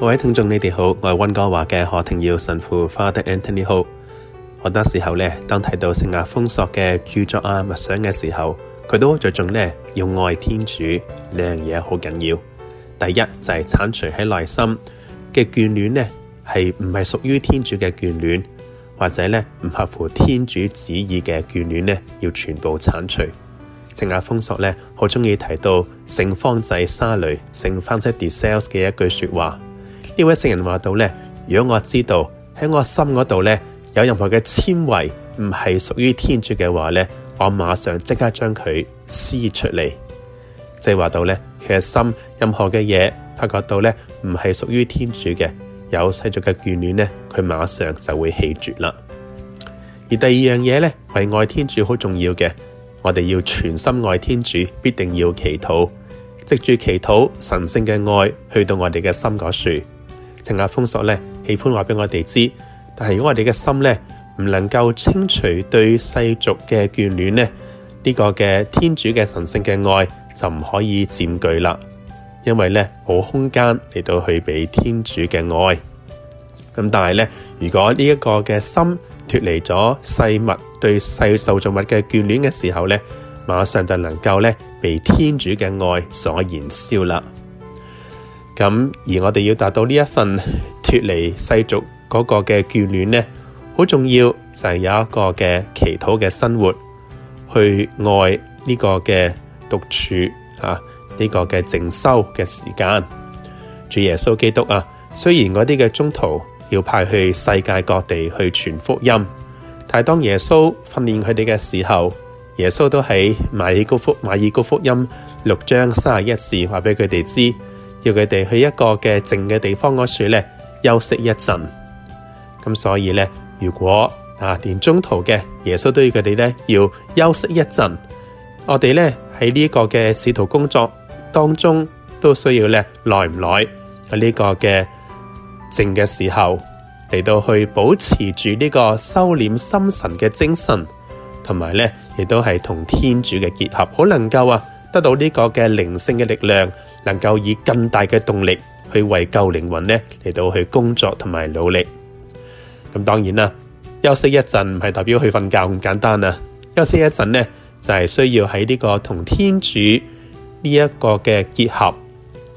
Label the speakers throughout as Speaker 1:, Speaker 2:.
Speaker 1: 各位聽眾，你哋好，我係溫哥華嘅何庭耀神父 Father Anthony Ho。好多時候咧，當睇到聖亞封索嘅著作啊、默想嘅時候，佢都着重咧要愛天主呢樣嘢好緊要。第一就係鏟除喺內心嘅眷戀咧，係唔係屬於天主嘅眷戀，或者咧唔合乎天主旨意嘅眷戀咧，要全部鏟除。聖亞封索咧好鍾意提到聖方濟沙雷聖 Francis de Sales 嘅一句說話。呢位聖人話到呢，如果我知道喺我心嗰度呢，有任何嘅纖維唔係屬於天主嘅話呢，我馬上即刻將佢撕出嚟。即係話到呢，其實心任何嘅嘢發覺到呢唔係屬於天主嘅，有世俗嘅眷戀呢，佢馬上就會棄絕啦。而第二樣嘢呢，為愛天主好重要嘅，我哋要全心愛天主，必定要祈禱，藉住祈禱，神聖嘅愛去到我哋嘅心嗰處。亞豐索咧，喜歡話俾我哋知。但係如果我哋嘅心咧唔能夠清除對世俗嘅眷戀咧，呢、這個嘅天主嘅神性嘅愛就唔可以佔據啦。因為咧冇空間嚟到去俾天主嘅愛。咁但係咧，如果呢一個嘅心脱離咗世物對世受造物嘅眷戀嘅時候咧，馬上就能夠咧被天主嘅愛所燃燒啦。咁而我哋要達到呢一份脫離世俗嗰個嘅眷戀呢，好重要就係有一個嘅祈禱嘅生活，去愛呢個嘅獨處啊，呢、呢個嘅靜修嘅時間。主耶穌基督啊，雖然嗰啲嘅宗徒要派去世界各地去傳福音，但係當耶穌訓練佢哋嘅時候，耶穌都喺馬爾高福馬爾谷福音六章三十一節話俾佢哋知。要佢哋去一個嘅靜嘅地方嗰處咧，休息一陣。咁所以咧，如果啊，連中途嘅耶穌都要佢哋咧，要休息一陣。我哋咧喺呢個嘅使徒工作當中，都需要咧耐唔耐喺呢個嘅靜嘅時候嚟到去保持住呢個收斂心神嘅精神，同埋咧亦都係同天主嘅結合，好能夠啊得到呢個嘅靈性嘅力量。能夠以更大嘅動力去為救靈魂呢嚟到去工作同埋努力。咁當然啦，休息一陣唔係代表去瞓覺咁簡單啊！休息一陣呢，就係需要喺呢個同天主呢一個嘅結合，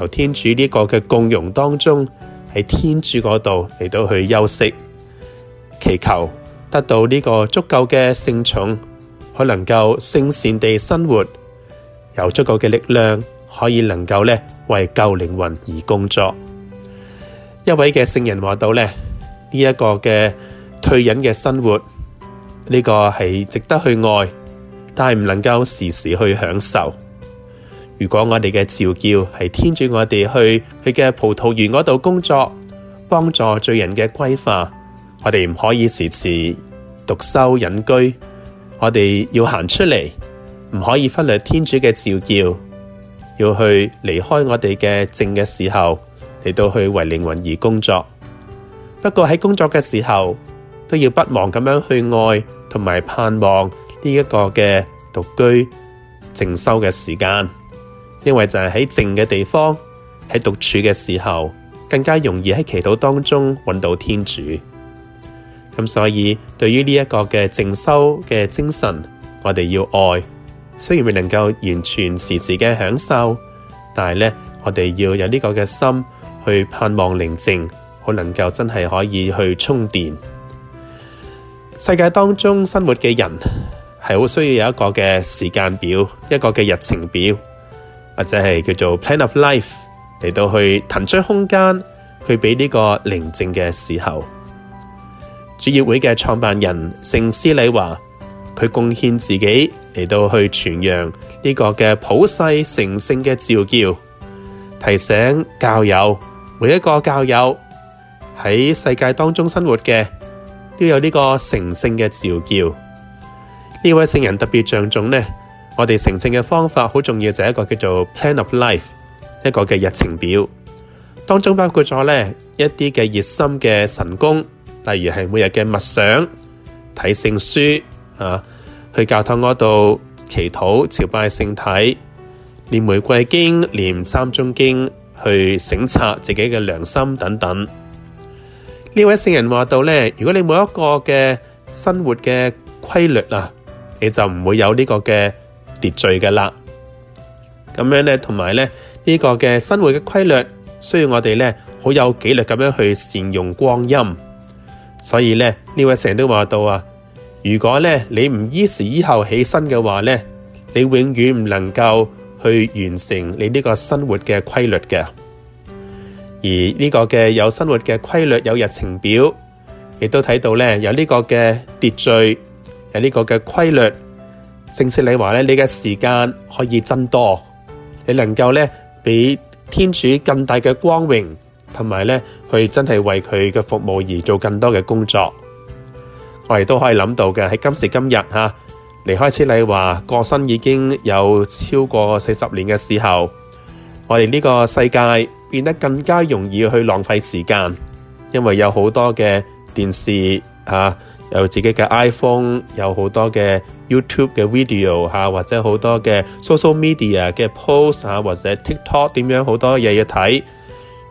Speaker 1: 由天主呢個嘅共融當中，喺天主嗰度嚟到去休息，祈求得到呢個足夠嘅聖寵，去能夠聖善地生活，有足夠嘅力量。可以能夠咧為救靈魂而工作。一位嘅聖人話到咧，呢一個嘅退隱嘅生活呢，呢個係值得去愛，但係唔能夠時時去享受。如果我哋嘅召叫係天主，我哋去佢嘅葡萄園嗰度工作，幫助罪人嘅歸化，我哋唔可以時時獨修隱居。我哋要行出嚟，唔可以忽略天主嘅召叫。要去離開我哋嘅靜嘅時候，嚟到去為靈魂而工作。不過喺工作嘅時候，都要不忘咁樣去愛，同埋盼望呢一個嘅獨居靜修嘅時間，因為就係喺靜嘅地方，喺獨處嘅時候，更加容易喺祈禱當中揾到天主。咁所以對於呢一個嘅靜修嘅精神，我哋要愛。雖然未能夠完全時時嘅享受，但係咧，我哋要有呢個嘅心去盼望寧靜，好能夠真係可以去充電。世界當中生活嘅人係好需要有一個嘅時間表，一個嘅日程表，或者係叫做 plan of life 嚟到去騰出空間去俾呢個寧靜嘅時候。主業會嘅創辦人聖施禮華。佢貢獻自己嚟到去傳揚呢個嘅普世成聖嘅召叫，提醒教友每一個教友喺世界當中生活嘅都有呢個成聖嘅召叫。呢位聖人特別着重呢，我哋成聖嘅方法好重要就係一個叫做 Plan of Life 一個嘅日程表當中包括咗呢一啲嘅熱心嘅神功，例如係每日嘅默想睇聖書。啊！去教堂嗰度祈禱、朝拜聖體、念玫瑰經、念三鐘經，去省察自己嘅良心等等。呢位聖人話到呢：如果你冇一個嘅生活嘅規律啊，你就唔會有呢個嘅秩序㗎啦。咁樣呢，同埋呢，呢個嘅生活嘅規律，需要我哋呢，好有紀律咁樣去善用光陰。所以呢，呢位聖人都話到啊！如果咧你唔依時依候起身嘅話咧，你永遠唔能夠去完成你呢個生活嘅規律嘅。而呢個嘅有生活嘅規律，有日程表，亦都睇到咧有呢個嘅秩序，有呢個嘅規律。正式說你話咧，你嘅時間可以增多，你能夠咧俾天主更大嘅光榮，同埋咧去真係為佢嘅服務而做更多嘅工作。我哋都可以諗到嘅，喺今時今日吓，離開始你話過身已經有超過四十年嘅時候，我哋呢個世界變得更加容易去浪費時間，因為有好多嘅電視吓，有自己嘅 iPhone，有好多嘅 YouTube 嘅 video 吓，或者好多嘅 social media 嘅 post 吓，或者 TikTok 點樣好多嘢要睇。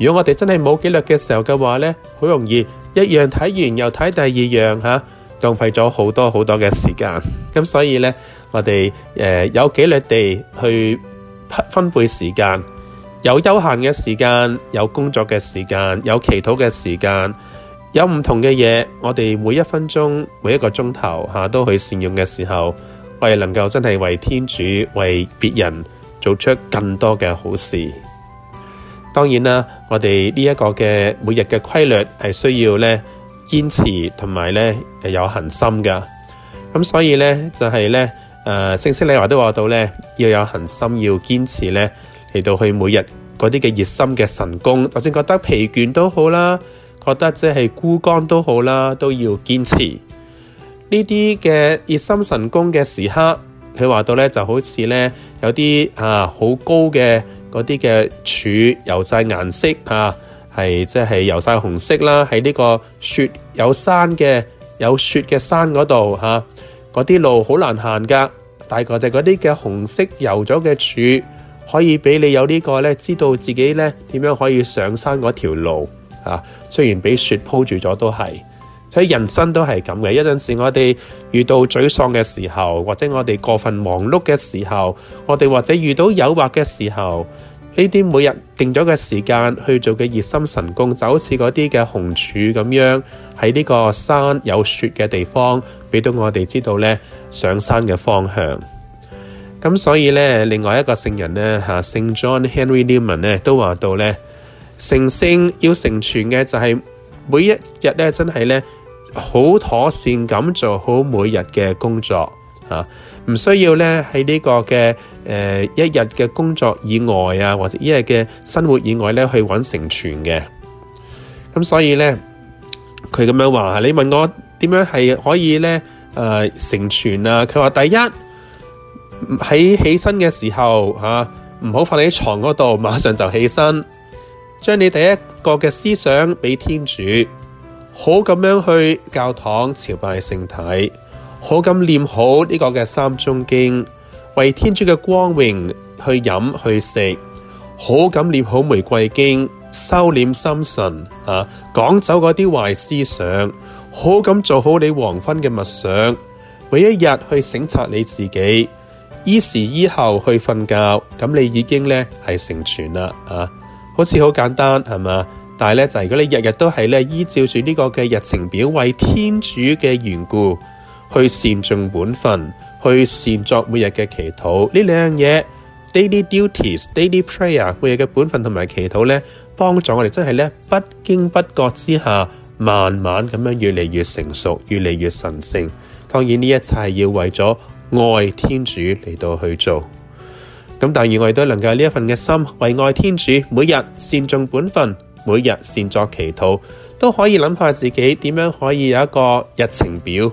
Speaker 1: 如果我哋真係冇紀律嘅時候嘅話呢，好容易一樣睇完又睇第二樣吓。浪費咗好多好多嘅時間，咁所以呢，我哋誒有紀律地去分分配時間，有休閒嘅時間，有工作嘅時間，有祈禱嘅時間，有唔同嘅嘢，我哋每一分鐘、每一個鐘頭吓都去善用嘅時候，我哋能夠真係為天主、為別人做出更多嘅好事。當然啦，我哋呢一個嘅每日嘅規律係需要呢。堅持同埋咧，有恒心嘅。咁、嗯、所以咧就係咧誒，聖施禮華都話到咧，要有恒心，要堅持咧嚟到去每日嗰啲嘅熱心嘅神功，就算覺得疲倦都好啦，覺得即係孤單都好啦，都要堅持呢啲嘅熱心神功嘅時刻。佢話到咧就好似咧有啲啊好高嘅嗰啲嘅柱，油晒顏色啊～係即係油晒紅色啦，喺呢個雪有山嘅有雪嘅山嗰度嚇，嗰、啊、啲路好難行噶。大概就嗰啲嘅紅色油咗嘅柱，可以俾你有呢個呢，知道自己呢點樣可以上山嗰條路嚇、啊。雖然俾雪鋪住咗都係，所以人生都係咁嘅。一陣時我哋遇到沮喪嘅時候，或者我哋過分忙碌嘅時候，我哋或者遇到誘惑嘅時候。呢啲每日定咗嘅時間去做嘅熱心神功，就好似嗰啲嘅紅柱咁樣，喺呢個山有雪嘅地方，俾到我哋知道呢上山嘅方向。咁所以呢，另外一個聖人呢，嚇，聖 John Henry Newman 呢都話到呢：「成聖要成全嘅就係每一日呢，真係呢好妥善咁做好每日嘅工作。」啊，唔需要咧喺呢個嘅誒、呃、一日嘅工作以外啊，或者一日嘅生活以外咧去揾成全嘅。咁、啊、所以咧，佢咁樣話：你問我點樣係可以咧誒、呃、成全啊？佢話第一喺起身嘅時候吓，唔好瞓喺床嗰度，馬上就起身，將你第一個嘅思想俾天主，好咁樣去教堂朝拜聖體。好咁，念好呢個嘅三鐘經，為天主嘅光榮去飲去食。好咁，念好玫瑰經，收斂心神啊，趕走嗰啲壞思想。好咁，做好你黃昏嘅默想，每一日去省察你自己，依時依候去瞓覺。咁你已經咧係成全啦，啊，好似好簡單係嘛？但係咧就係如果你日日都係咧依照住呢個嘅日程表，為天主嘅緣故。去善盡本分，去善作每日嘅祈禱，呢兩樣嘢 daily duties、daily prayer，每日嘅本分同埋祈禱咧，幫助我哋真係呢，不經不覺之下，慢慢咁樣越嚟越成熟，越嚟越神聖。當然呢一切係要為咗愛天主嚟到去做。咁，但願我哋都能夠呢一份嘅心為愛天主，每日善盡本分，每日善作祈禱，都可以諗下自己點樣可以有一個日程表。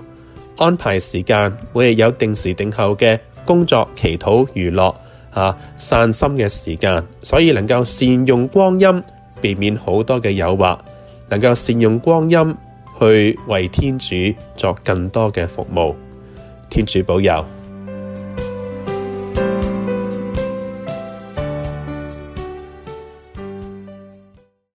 Speaker 1: 安排時間，我有定時定候嘅工作、祈禱、娛樂、吓、啊、散心嘅時間，所以能夠善用光陰，避免好多嘅誘惑，能夠善用光陰去為天主作更多嘅服務。天主保佑。